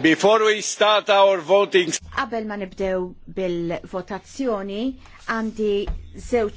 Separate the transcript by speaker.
Speaker 1: Before we
Speaker 2: start our voting...
Speaker 3: Qabel ma nibdew bil-votazzjoni, għandi zewċ